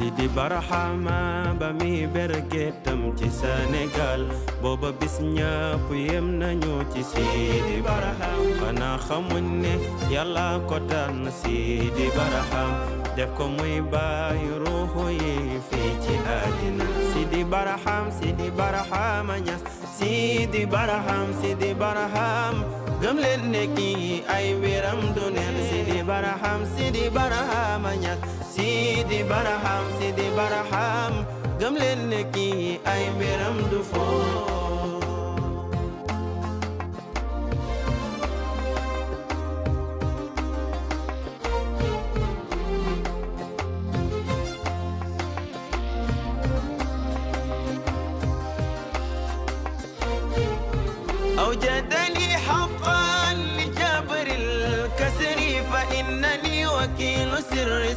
sidi barahama bami bergetam ci Senegal boba bis ñëpp yem nañu ci sidi Barahama xanaa xamune yalla ko tan sidi Barahama def ko muy bay ruuxu yi fi ci adina sidi Barahama sidi barahama ñas sidi Barahama sidi Barahama gëm leen ne kii ay wéram du neen Sidi Baraham Sidi Baraham a ñas Sidi Baraham Sidi Baraham gëm leen ne kii ay wéram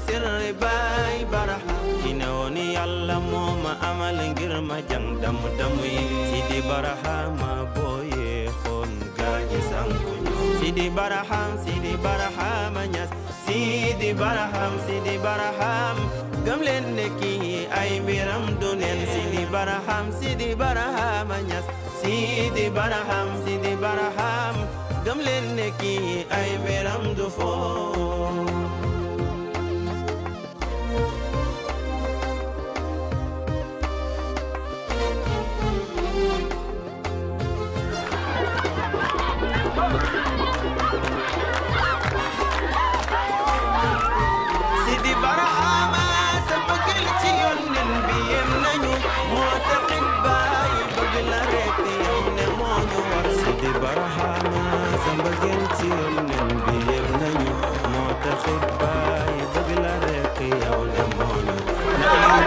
sir bai baraha ina woni allah mo ma amalin girma jang damu damu sidi baraha ma boye khon gaji sankunyo sidi baraham sidi baraham anyas sidi baraham sidi baraham gamlen neki ay miram dunen sidi baraham sidi baraham anyas sidi baraham sidi baraham gamlen neki ay miram dufo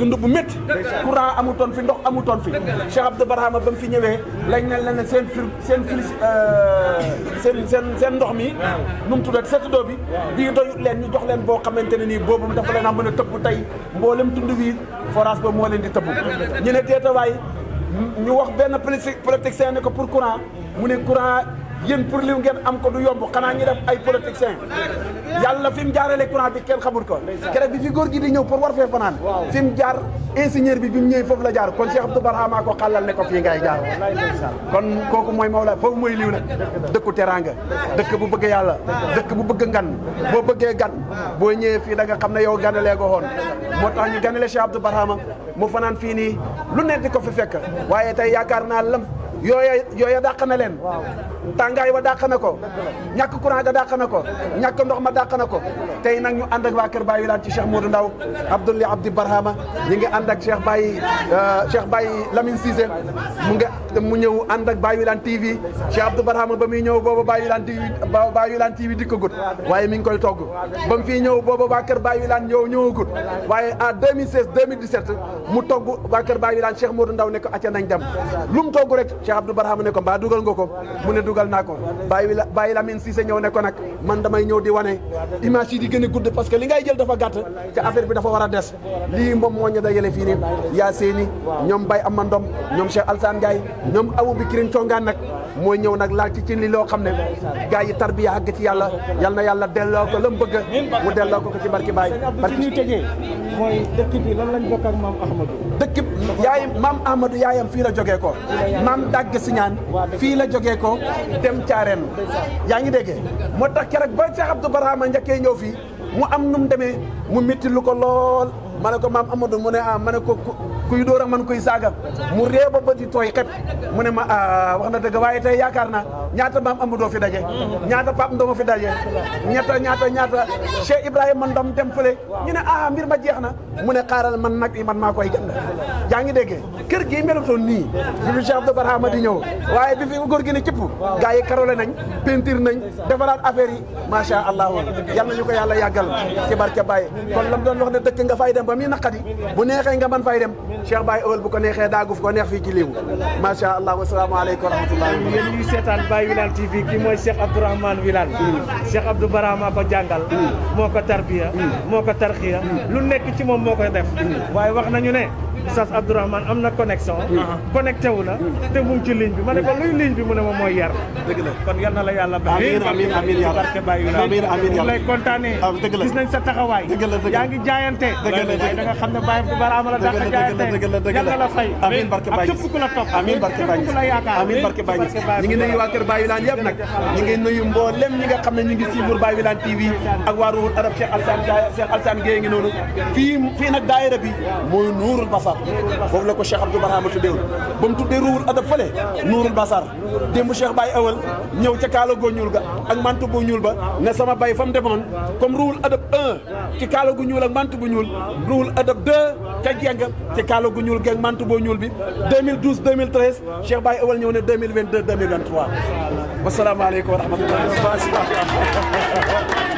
dund bu métti courant amutoon fi ndox amutoon fi Cheikh Abdou Barhama ba mu fi ñëwee lañ ne la ne seen fil seen fil euh, seen ndox mi nu mu tuddati bi bii doyut leen ñu jox leen boo xamante ne nii boobu dafa leen a mën a tëbb tey mboolem tund wii forage ba moo leen di tëbb ñu ne deetawaay ñu wax benn politique politique seen ne ko pour courant mu ne courant yéen pour li ngeen am ko du yomb xanaa ñu def ay politiciens yàlla fi mu jaarale courant bi kenn xamul ko keroog bi fi góor gi di ñëw pour war fee fanaan fi mu jaar ingénieur bi bi mu ñëwee foofu la jaar kon Cheikh Abdou Barhama ko xàllal ne ko fii ngay jaar kon kooku mooy Maola foofu mooy liw nag dëkku teraanga dëkk bu bëgg yàlla dëkk bu bëgg ngan boo bëggee gan boo ñëwee fii da nga xam ne yow ganalee ko xoon moo tax ñu ganale Cheikh Abdou Barhama mu fanaan fii nii lu nekk ko fekk waaye tey yaakaar naa lam yooya yooya dàq na leen tàngaay wa dàq na ko ñàkk courant ga dàq na ko ñàkk ndox ma dàq na ko tey nag ñu ànd ak waa kër Baye Wilane ci Cheikh Modou Ndaw Abdoulaye Abdi Barhama ñu ngi ànd ak Cheikh Baye euh, Cheikh Baye Lamine Cissé mu ngi mu ñëw ànd ak Baye Wilane TV Cheikh Abdou Barhama ba muy ñëw booba Baye Wilane TV Baye Wilane TV dikkagut waaye mi ngi koy togg ba mu fii ñëw booba waa kër Baye Wilane ñëw ñëwagut waaye en 2016 2017 mu togg waa kër Baye Wilane Cheikh Modou Ndaw ne ko acca nañ dem lu mu togg rek Cheikh Abdou Barhama ne ko mbaa dugal nga ko mu ne dugal dugal naa ko bàyyi la bàyyi ñëw ne ko nag man damay ñëw di wane image yi di gën a gudd parce que li ngay jël dafa gàtt te affaire bi dafa war a des lii moom moo ñu dajale fii yaa seeni ñoom Baye Amandom ñoom Cheikh Alsane Ndiaye ñoom Abou Bikirin Congaan nag mooy ñëw nag laal ci cin li loo xam ne gars tarbiya àgg ci yàlla yal na delloo ko la mu bëgg mu delloo ko ko ci barki Baye barki ñuy tëjee mooy dëkk bi lan lañ bokk ak maam Ahmadou yaay maam Amadou yaayam fii la jógee ko maam dagg siñaan fii la joge ko dem Caareem yaa ngi déggee moo tax keroog ba Cheikh Abdou Barhama njëkkee ñëw fii mu am nu mu demee mu métti ko lool ma ne ko maam Amadou mu ne ah ma ne ko kuy dóor ak man kuy saaga mu ree ba bët yi tooy xet mu ne ma a ah, wax na dëgg waaye tey yaakaar naa ñaata maam Amadou fi daje ñaata Pape Ndoma fi ñaata ñaata ñaata Cheikh Ibrahima Ndom dem fële ñu ne ah mbir ma jeex na mu ne xaaral man nag yi man maa koy gën yaa ngi dégg kër gii melutoon nii bi fi Cheikh Abdou Barhama di ñëw waaye bi fi góor gi ni cëpp gars yi karole nañ peinture nañ defaraat affaire yi macha allah yal nañu ko yàlla yàggal ci barke Baye kon lam doon wax ne dëkk nga fay dem ba muy naqadi bu neexee nga mën fay dem Cheikh Baye Ewel bu ko neexee daagu ko neex fii ci liiwu macha allah wasalaamaaleykum wa rahmatullah yéen ñuy seetaan Baye Wilane TV kii mooy Cheikh Abdourahmane Wilane hmm. Cheikh Abdou hmm. moo ko tarbiya hmm. moo ko Abdourahmane am na connexion. Ah. connecté wu na. te mu ngi ci ligne bi ma ne ko luy ligne bi mu ne ma mooy yar. dëgg la kon yal na la yàlla baax. amiin amiin amiin yàlla barke bàyyi la amiin amiin yàlla lay kontaanee. Ah, dëgg la gis nañ sa taxawaay. dëgg la dëgg la yaa ngi jaayante. dëgg la dëgg la da nga xam ne Baye Barhama la dàq jaayante. dëgg la dëgg la yàlla la fay. amiin barke bàyyi ak képp ku la topp. amiin barke bàyyi képp ku la yaakaar. amiin barke bàyyi ñu ngi nuyu waa kër Baye Wilane yëpp nag ñu ngi nuyu mboolem ñi nga xam ne ñu ngi suivre Baye Wilane TV ak waa Ruhul Arab Cheikh Alsane Cheikh Alsane Gueye ngi noonu fii fii nag daayira bi mooy Nuurul Basar foofu la ko Cheikh Abdou Barhama tuddee woon ba mu tuddee ruuhul adab fële nuurul basar démb Cheikh Baye awal ñëw ca kaala goo ñuul ga ak mantu bu ñuul ba ne sama bay fa mu demoon comme ruuhul adab un ci kaala gu ñuul ak mantu bu ñuul ruuhul adab deux ca geng ci kaala gu ñuul geng mantu bu ñuul bi 2012 2013 Cheikh Baye awal ñëw ne 2022 2023 wasalaamaaleykum wa rahmatulah